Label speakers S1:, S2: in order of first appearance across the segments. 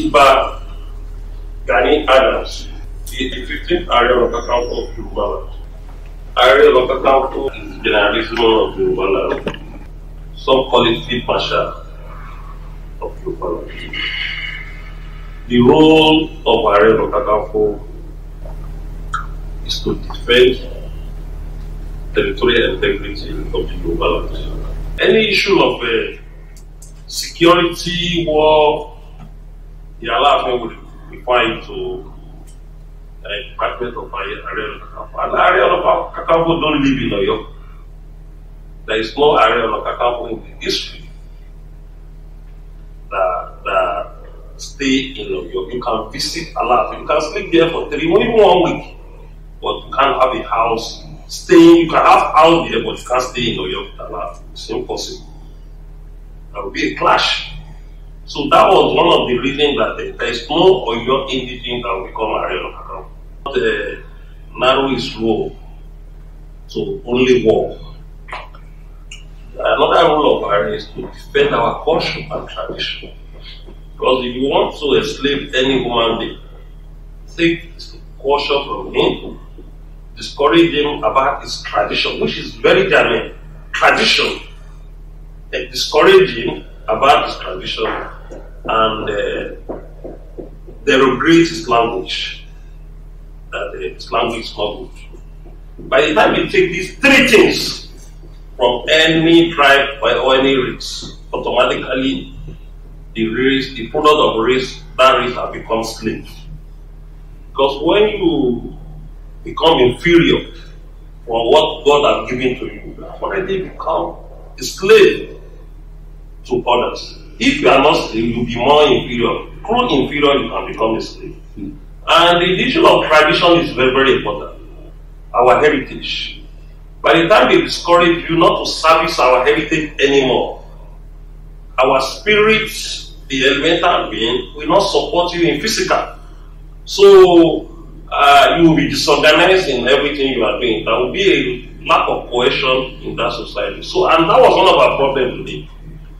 S1: Kiba Gani Adams, the 15th Area Local Council of Yoruba Area Local Council is the Generalissimo of Yoruba sub-policy Pasha of Yoruba The role of Area Local Council is to defend territorial integrity of the Yoruba Any issue of uh, security, war, the Alaafin would refer it to the Department of Ààrẹ Ọ̀nà Kakanfò. And Ààrẹ Ọ̀nà don't live in Ọ̀yọ́. There is no Ààrẹ Ọ̀nà Kakanfò in the history that, that stay in Ọ̀yọ́. You can visit a lot, You can sleep there for three, even one week. But you can't have a house. Staying, you can have house there, but you can't stay in Ọ̀yọ́ with Alaafin. It's impossible. There will be a clash. So that was one of the reasons that there is no Oyo indigenous that will become a Ọ̀nà Kakanfò. But uh, narrow is low, so only war. Another ah, role of Ààrẹ is to defend our culture and tradition. Because if you want to enslave any human being, take culture from him, discourage him about his tradition, which is very germane. Tradition. And discourage him about his tradition and uh, there were great language that the Islamic smuggled. By the time you take these three things from any tribe or any race, automatically the race, the product of race, that race has become slave. Because when you become inferior for what God has given to you, you have already become a slave to others. If you are not slave, you'll be more inferior. Through inferior, you can become a slave. Hmm. And the issue of tradition is very, very important. Our heritage. By the time we discourage you not to service our heritage anymore, our spirits, the elemental being, will not support you in physical. So uh, you will be disorganized in everything you are doing. There will be a lack of cohesion in that society. So, and that was one of our problems today.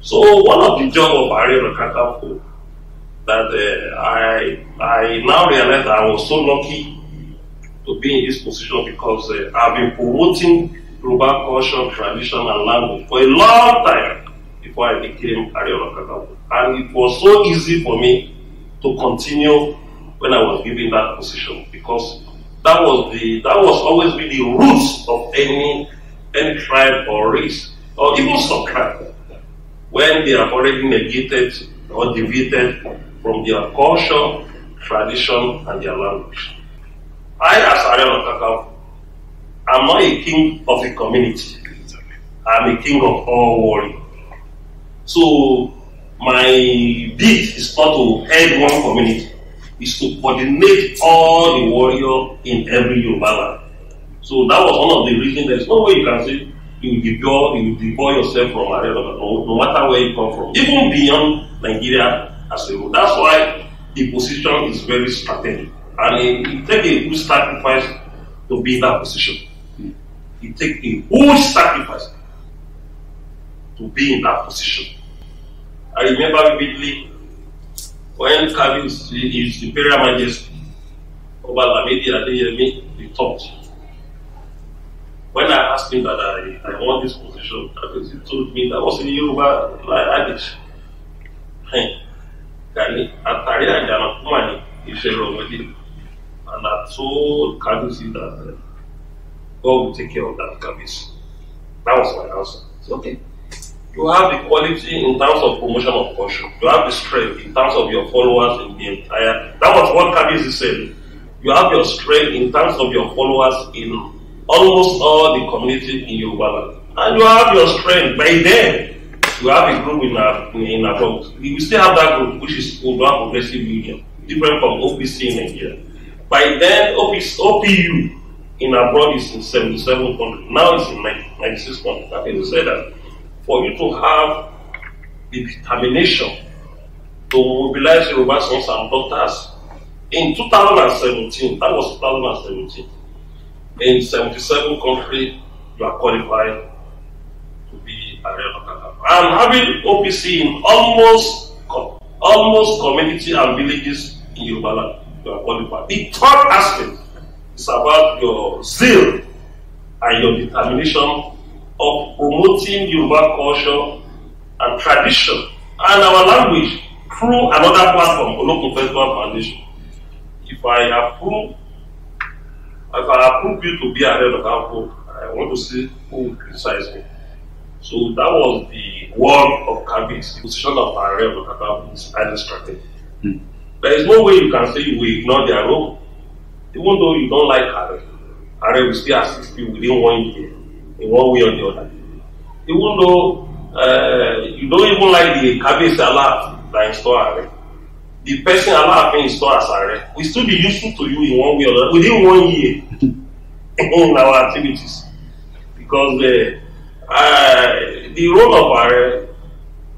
S1: So one of the job of Ariel Katako that uh, I I now realize I was so lucky to be in this position because uh, I've been promoting global culture, tradition, and language for a long time before I became Ariel Katako, and it was so easy for me to continue when I was given that position because that was the that was always been the roots of any any tribe or race or even subtribe. when they have already negated or deviated from their culture, tradition, and their language. I, as Ariel Kakao, am not a king of a community. I'm a king of all warriors. So my bid is not to head one community, it's to coordinate all the warriors in every Yoruba land. So that was one of the reasons there's no way you can say you withdraw, you withdraw yourself from Areva, no, no matter where you come from, even beyond Nigeria as a whole. That's why the position is very strategic. And it, it takes a huge sacrifice to be in that position. It takes a huge sacrifice to be in that position. I remember vividly when Kabil is the Imperial Majesty over Lamidi Adeyemi, he talked asked me that I, I want this position because he told me that was in Yoruba language. Gani Atari Ajana Kumani Iferomodi. And I told Kadusi that uh, God will take care of that Kabisi. That was my answer. It's okay. You have the quality in terms of promotion of culture. You have the strength in terms of your followers in the entire. That was what Kabisi said. You have your strength in terms of your followers in almost all the community in Yoruba land. And you have your strength. By then, you have a group in our in, in adult. We still have that group, which is Oduwa Progressive Union, different from OPC in Nigeria. By then, OPC, OPU in abroad is in 77 countries. Now it's in 96 countries. I means to say that for you to have the determination to mobilize Yoruba sons and daughters in 2017, that was 2017 in 77 countries, you are qualified to be a real Kakapa. I'm having OPC in almost almost community and villages in Yoruba land. You are qualified. The third aspect is about your zeal and your determination of promoting Yoruba culture and tradition and our language through another platform, Olokun Festival Foundation. If I approve If I approve ah, you to be ahead of Apple, I want to see who will criticize me. So that was the world of Kabit, the position of Aare of Kabit is highly strategic. Mm. There is no way you can say you will ignore their role. Even though you don't like Aare, Aare will still assist you within one year, in one way or the other. Even though uh, you don't even like the Kabit a lot, like store Aare the person Alaafin install as ààrẹ We still be useful to you in one way or another within one year in our activities because the uh, uh, the role of ààrẹ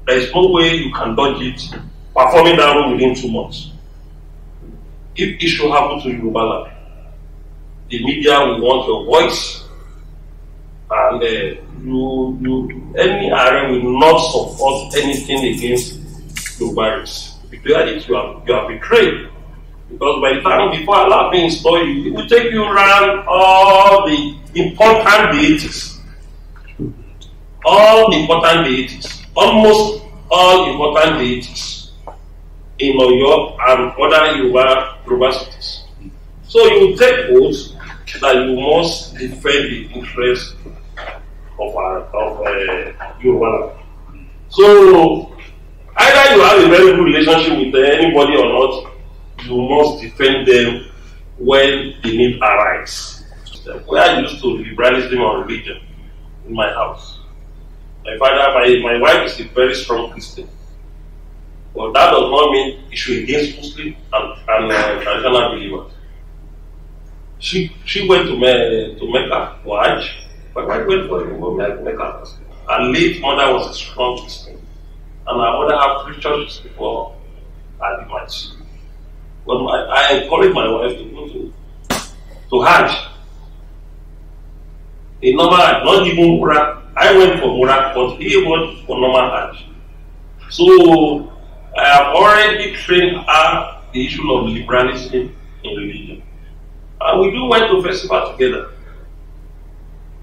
S1: there is no way you can dodge it performing that role within two months if issue happen to Yoruba land the media will want your voice and uh, you you any ààrẹ will not support anything against Yoruba race reality you are, you are betrayed. Because by the time before Allah brings for you, it will take you around all the important deities. All important deities. Almost all important deities in York and other Yoruba universities. So you take oaths that you must defend the interest of, our, uh, of uh, Yoruba. So Either you have a very good relationship with anybody or not, you must defend them when the need arise. Where I used to liberalism on religion in my house. My father, my, my wife is a very strong Christian. But that does not mean issue against Muslim and, and uh, traditional believers. She she went to me, to Mecca for Hajj. but wife went for a Mecca. Her late mother was a strong Christian and I wouldn't have three this before I did my But I, I encourage my wife to go to, to Hajj. A normal Hajj, not even Murak. I went for Murak, but he went for normal Hajj. So I have already trained her the issue of liberalism in religion. And we do went to festival together.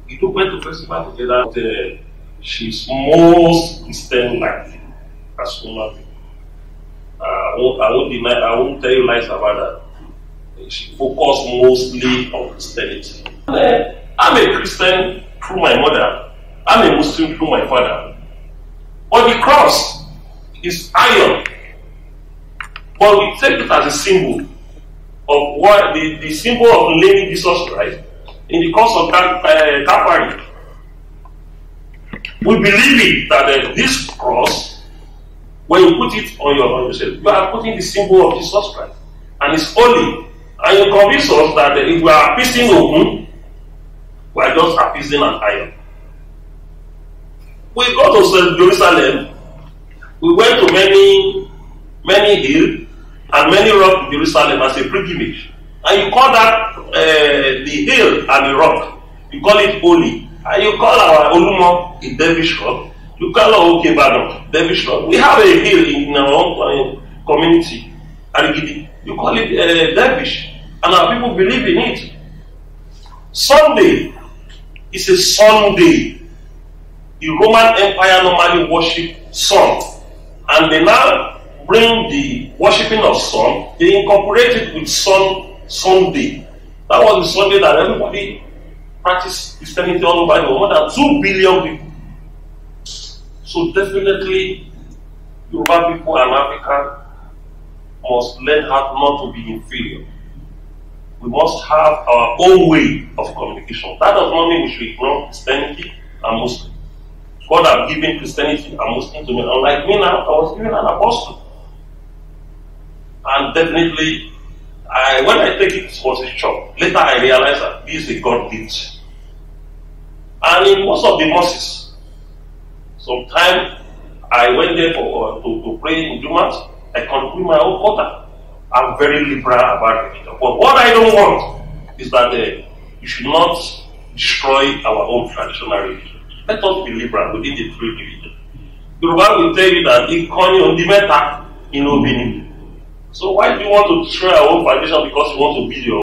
S1: We do went to festival together. But, uh, she's most Christian-like personal nothing. Uh, I won't, I won't deny, I won't tell you lies about that. She focused mostly on Christianity. Then, I'm a Christian through my mother. I'm a Muslim through my father. But the cross is iron. But we take it as a symbol of what the, the symbol of Lady Jesus Christ in the course of that uh, eh, Calvary. We believe it that uh, this cross When you put it on your on yourself, you are putting the symbol of Jesus Christ, and it's holy. And you convince us that if we are appeasing Ogun, we are just appeasing an iron. We go to Jerusalem. We went to many many hills and many rocks in Jerusalem as a pilgrimage. And you call that uh, the hill and the rock. You call it holy. And you call our Olumo a devilish rock. You call her okay, Badon, Devish Road. We have a hill in our own eh, community, Arigidi. You call it uh, eh, Devish, and our people believe in it. Sunday is a Sunday. The Roman Empire normally worshipped sun, and they now bring the worshiping of sun. They incorporate it with sun Sunday. That was the Sunday that everybody practiced Christianity all over the world. More than two billion people So definitely, Yoruba people and Africa must learn how not to be inferior. We must have our own way of communication. That does not mean we should ignore Christianity and Muslim. God has given Christianity and Muslim to me. Unlike me now, I was given an apostle. And definitely, I, when I take it, it was a shock. Later, I realized that this is a God gift. And in most of the mosques, Sometimes I went there for, uh, to, to pray in Jumat. I conclude my own quota. I'm very liberal about religion. But what I don't want is that uh, you should not destroy our own traditional religion. Let us be liberal within the three religions. Yoruba will tell you that on the mẹ́ta in obìnrin. So why do you want to destroy our own tradition because you want to build your